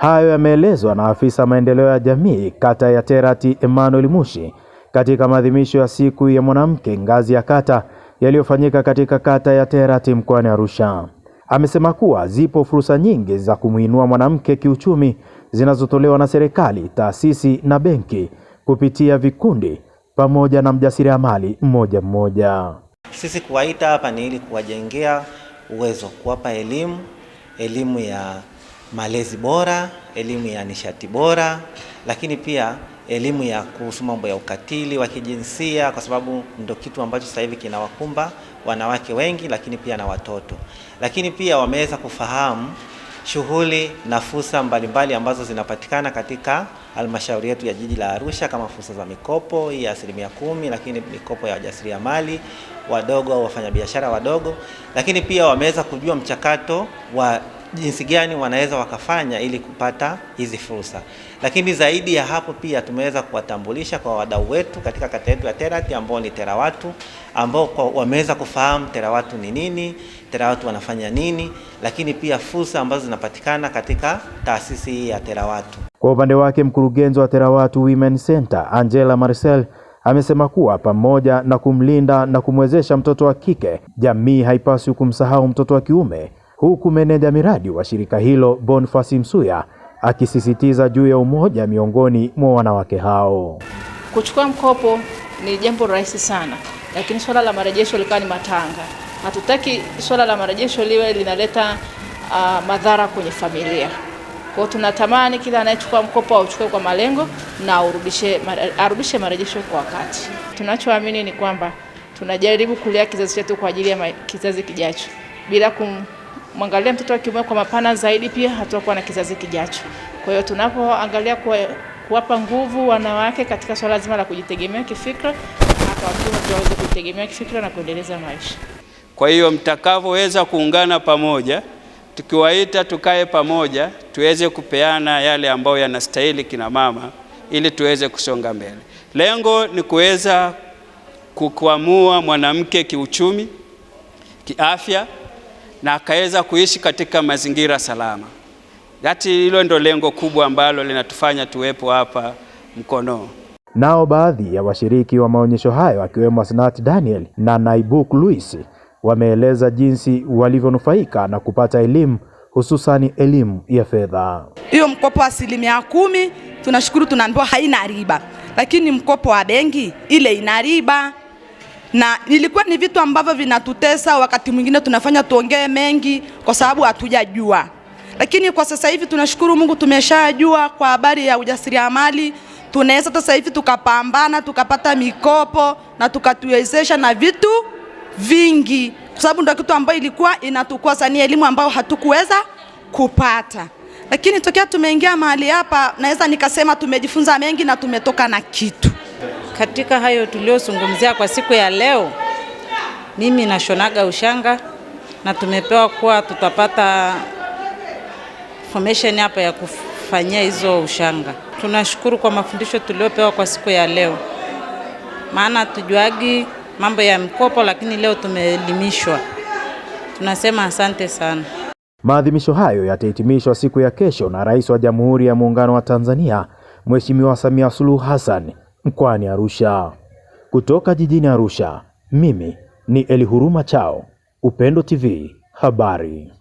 Hayo yameelezwa na afisa maendeleo ya jamii kata ya Terati Emmanuel Mushi katika maadhimisho ya siku ya mwanamke ngazi ya kata yaliyofanyika katika kata ya Terati mkoani Arusha. Amesema kuwa zipo fursa nyingi za kumwinua mwanamke kiuchumi zinazotolewa na serikali, taasisi na benki kupitia vikundi pamoja na mjasiriamali mmoja mmoja. Sisi kuwaita hapa ni ili kuwajengea uwezo, kuwapa elimu, elimu ya malezi bora, elimu ya nishati bora, lakini pia elimu ya kuhusu mambo ya ukatili wa kijinsia, kwa sababu ndo kitu ambacho sasa hivi kinawakumba wanawake wengi, lakini pia na watoto. Lakini pia wameweza kufahamu shughuli na fursa mbalimbali ambazo zinapatikana katika halmashauri yetu ya jiji la Arusha kama fursa za mikopo hii ya asilimia kumi, lakini mikopo ya wajasiriamali wadogo au wafanyabiashara wadogo, lakini pia wameweza kujua mchakato wa jinsi gani wanaweza wakafanya ili kupata hizi fursa. Lakini zaidi ya hapo, pia tumeweza kuwatambulisha kwa wadau wetu katika kata yetu ya terati ambao ni TERAWATU ambao wameweza kufahamu TERAWATU ni nini, TERAWATU wanafanya nini, lakini pia fursa ambazo zinapatikana katika taasisi hii ya TERAWATU. Kwa upande wake, mkurugenzi wa TERAWATU Women Center Angela Marcel amesema kuwa pamoja na kumlinda na kumwezesha mtoto wa kike, jamii haipaswi kumsahau mtoto wa kiume huku meneja miradi wa shirika hilo Bonifasi Msuya akisisitiza juu ya umoja miongoni mwa wanawake hao. Kuchukua mkopo ni jambo rahisi sana, lakini swala la marejesho likawa ni matanga. Hatutaki swala la marejesho liwe linaleta uh, madhara kwenye familia. Kwa tunatamani kila anayechukua mkopo auchukue kwa malengo na arudishe arudishe marejesho kwa wakati. Tunachoamini ni kwamba tunajaribu kulea kizazi chetu kwa ajili ya kizazi kijacho bila kum mwangalia mtoto wa kiume kwa mapana zaidi, pia hatakuwa na kizazi kijacho. Kwa hiyo tunapoangalia kuwapa nguvu wanawake katika swala zima la kujitegemea kifikra, waweze kujitegemea kifikra na kuendeleza maisha. Kwa hiyo mtakavyoweza kuungana pamoja, tukiwaita tukae pamoja, tuweze kupeana yale ambayo yanastahili kina mama, ili tuweze kusonga mbele. Lengo ni kuweza kukwamua mwanamke kiuchumi, kiafya na akaweza kuishi katika mazingira salama. yati hilo ndo lengo kubwa ambalo linatufanya tuwepo hapa mkono Nao baadhi ya washiriki wa maonyesho hayo akiwemo Asnat Daniel na Naibuk Luis wameeleza jinsi walivyonufaika na kupata elimu hususani elimu ya fedha. Hiyo mkopo asilimia kumi tunashukuru tunaambiwa haina riba, lakini mkopo wa benki ile ina riba na ilikuwa ni vitu ambavyo vinatutesa. Wakati mwingine tunafanya tuongee mengi kwa sababu hatujajua, lakini kwa sasa hivi tunashukuru Mungu tumeshajua kwa habari ya ujasiriamali. Tunaweza sasa hivi tukapambana tukapata mikopo na tukatuwezesha na vitu vingi, kwa sababu ndio kitu ambayo ilikuwa inatukosa, ni elimu ambayo hatukuweza kupata. Lakini tokea tumeingia mahali hapa, naweza nikasema tumejifunza mengi na tumetoka na kitu. Katika hayo tuliyozungumzia kwa siku ya leo, mimi nashonaga ushanga na tumepewa kuwa tutapata formation hapa ya kufanyia hizo ushanga. Tunashukuru kwa mafundisho tuliopewa kwa siku ya leo, maana tujuagi mambo ya mkopo, lakini leo tumeelimishwa. Tunasema asante sana. Maadhimisho hayo yatahitimishwa siku ya kesho na Rais wa Jamhuri ya Muungano wa Tanzania Mheshimiwa Samia Suluhu Hassan mkoani Arusha. Kutoka jijini Arusha, mimi ni Elihuruma Chao, Upendo TV, habari.